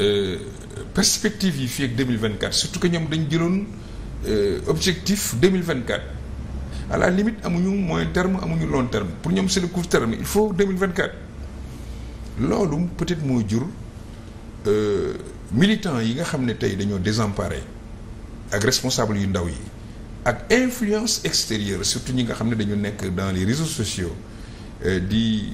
Euh, perspective yi fii ak 2024 surtout que ñoom dañ jëloon euh, objectif 2024 à la limite amuñu moyen terme amuñu long terme pour ñoom c'est le court terme il faut 2024 loolu peut-être moo jur euh, militants yi nga xam ne tey dañoo désemparé ak responsable yu ndaw yi ak influence extérieure surtout ñi nga xam ne dañu nekk dans les réseaux sociaux di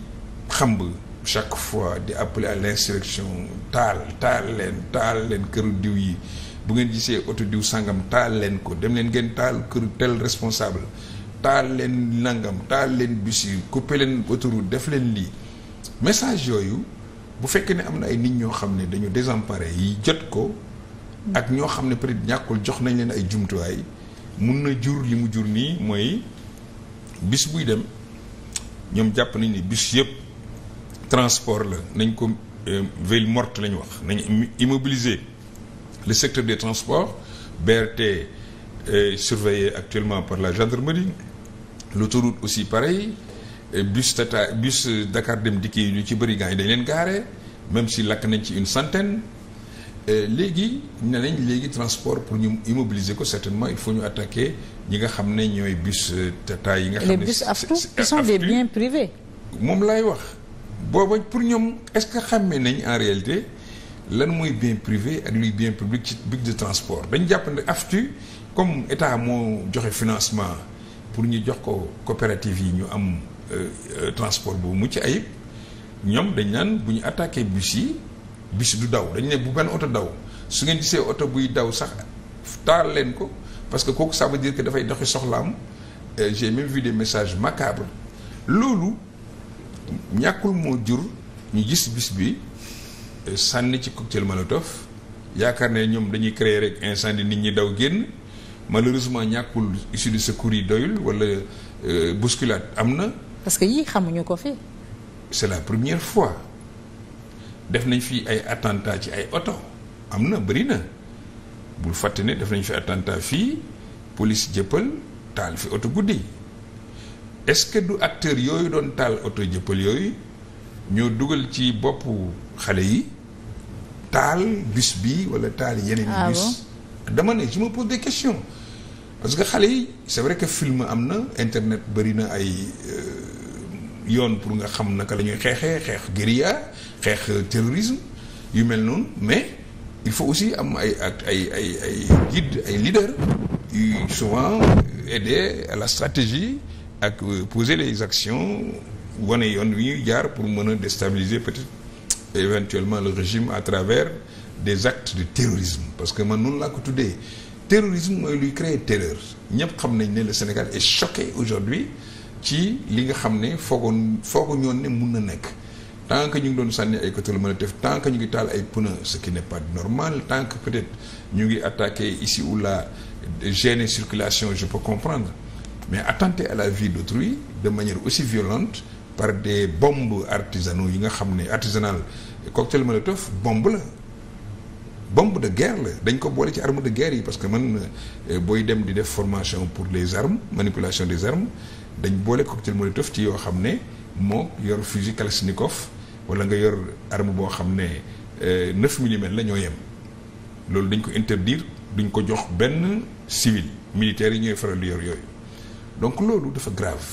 xamb chaque fois di appeler à l'insurrection taal taal leen taal leen këru diw yi bu ngeen gisee auto diw sangam taal leen ko dem leen ngeen taal këru tel responsable taal leen nangam taal leen bus yi couper leen autoroute def leen lii message yooyu bu fekkee ne am na ay nit ñoo xam ne dañu désemparé yi jot ko ak ñoo xam ne peut-être ñàkkul jox nañ leen ay jumtuwaay mun na jur li mu jur nii mooy bis buy dem ñoom jàpp nañ ni bis yëpp transport la nañ ko euh, veille morte la ñu wax nañ immobiliser le secteur des transports BRT euh, surveillé actuellement par la gendarmerie l'autoroute aussi pareil bus tata bus Dakar Dem Dikk yi ñu ci bëri gaa yi dañ leen gaare même si lakk nañ ci une centaine léegi ne nañ léegi transport pour ñu immobiliser ko certainement il faut ñu attaquer ñi nga xam ne ñooy bus euh, tata yi nga xam ne les bus aftu qui sont des biens privés moom laay wax booba pour ñoom est-ce que xàmmee nañ en réalité lan mooy bien privé ak luy bien public ci bic de transport dañ jàpp ne AFTU comme état moo joxe financement pour ñu jox ko coopérative yi ñu am euh, euh, transport bu mucc ayib ñoom dañ naan bu ñu attaqué bus yi bus du daw dañ ne bu benn oto daw su ngeen gisee oto buy daw sax taal leen ko parce que kooku ça veut dire que dafay doxi soxlaam euh, j'ai même vu des messages macabres loolu ñàkkul moo jur ñu gis bis bi euh, sànni ci cocktail molotov yaakaar ne ñoom dañuy créer rek incendie nit ñi daw génn malheureusement ñàkkul issue de secours yi doyul wala euh, bousculade am na. parce que yii xamuñu ko fi. c'est la première fois def nañ fi ay attentat ci ay oto am na bëri na bul fàtte ne def nañ fi attentat fii police jëppal taal fi oto guddi. est-ce que du acteur yooyu doon taal oto jëppal yooyu ñoo dugal ci boppu xale yi taal bis bi wala taal yeneen i ah bus dama ne je me pose des questions parce que xale yi c'est vrai que film am na internet bëri na ay euh, yoon pour nga xam naka lañuy ñuy xeexee xeex guérilla xeex terrorisme yu mel noonu mais il faut aussi am ay ak ay ay ay guide ay leader yu souvent aider la stratégie ak euh, poser les actions wane yoon wi ñuy jaar pour mën a déstabiliser peut-être éventuellement le régime à travers des actes de terrorisme parce que man noonu laa ko tuddee terrorisme mooy luy créer terreur ñëpp xam nañ ne le Sénégal est choqué aujourd'hui ci li nga xam ne foogoon foogoo ñoon ne mun na nekk tant que ñu ngi doon sànni ay côté la mën a def tant que ñu ngi taal ay a ce qui n'est pas normal tant que peut-être ñu ngi attaqué ici ou là gêner circulation je peux comprendre mais attenter à la vie d'autrui de manière aussi violente par des bombes artisanaux yi nga xam ne artisanal cocktail molotov bombe la bombe de guerre la dañ ko boole ci arme de guerre yi parce que man eh, booy dem di def formation pour les armes manipulation des armes dañ boole cocktail molotov ci yoo xam ne moo yor fusil kalachnikov wala nga yor arme boo xam ne 9 eh, millimètres la ñoo yem loolu dañ ko interdir duñ ko jox benn civil militaire yi ñooy faral di yor yooyu donc loolu dafa grave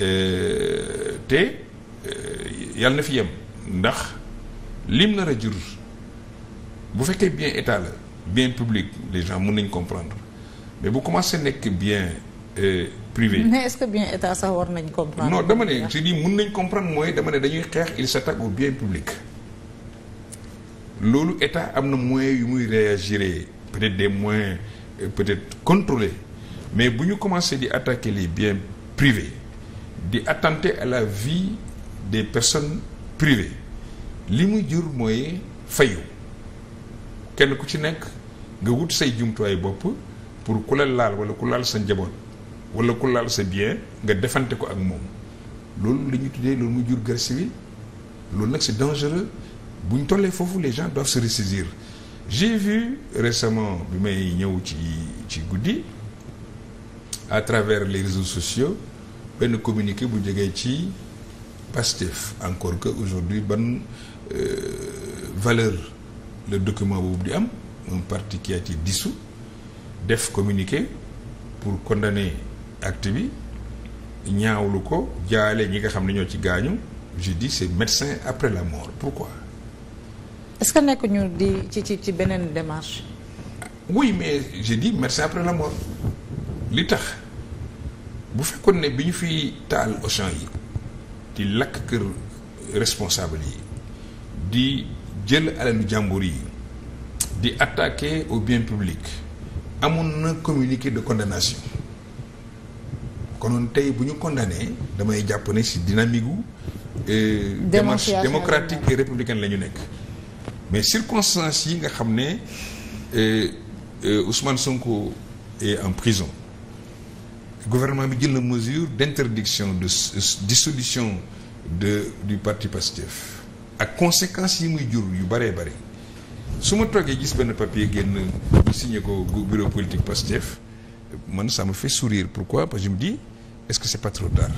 euh, te euh, yàlla na fi yem ndax lim nar a jur bu fekkee bien état la bien public les gens nañ comprendre mais bu commencé nekk bien euh, privé. mais est-ce que bien état sax war nañ comprendre. non dama ne je dis mën nañ comprendre mooy dama ne dañuy xeex il s'attaque au bien public loolu état am na moyen yu muy réagir peut-être des moyens peut-être contrôlés. mais bu ñu commencé di attaquer les biens privés di attenter à la vie des personnes privées li muy jur mooy fayu kenn ku ci nekk nga wut say jumtuwaay bopp pour ku la laal wala ku laal sa njaboot wala ku laal sa bien nga defante ko ak moom loolu la ñu tuddee loolu mu jur guerre civile loolu nag c'est dangereux bu ñu tollee foofu les gens doivent se ressaisir j'ai vu récemment bi may ñëw ci ci guddi à travers les réseaux sociaux benn communiqué bu jege ci Pastef encore que aujourd'hui ban euh, valeur le document boobu di am un parti qui def communiqué pour condamner acte bi ñaawlu ko jaale ñi nga xam ne ñoo ci gaañu je dis c'est médecin après la mort pourquoi. est-ce que nekk ñu di ci ci beneen démarche. oui mais je dis médecin après la mort li tax. bu fekkoon ne bi ñu fiy taal Auchan yi di lakk kër responsable yi di jël alalu jàmbur yi di attaquer au bien public amoon na communique de condamnation konoon tey bu ñu condamné damay jàpp ne ci dynamique gu euh, démarche et républicaine la ñu nekk mais circonstances yi nga xam ne euh, euh, Ousmane Sonko et en prison gouvernement bi jël na mesure d'interdiction de dissolution de du parti Pastef ak conséquences yi muy jur yu bëree bëri su ma toogee gis benn papier génn ñu signé ko bureau politique Pastef man ça me fait sourire pourquoi parce que je di dis est-ce que c'est pas trop tard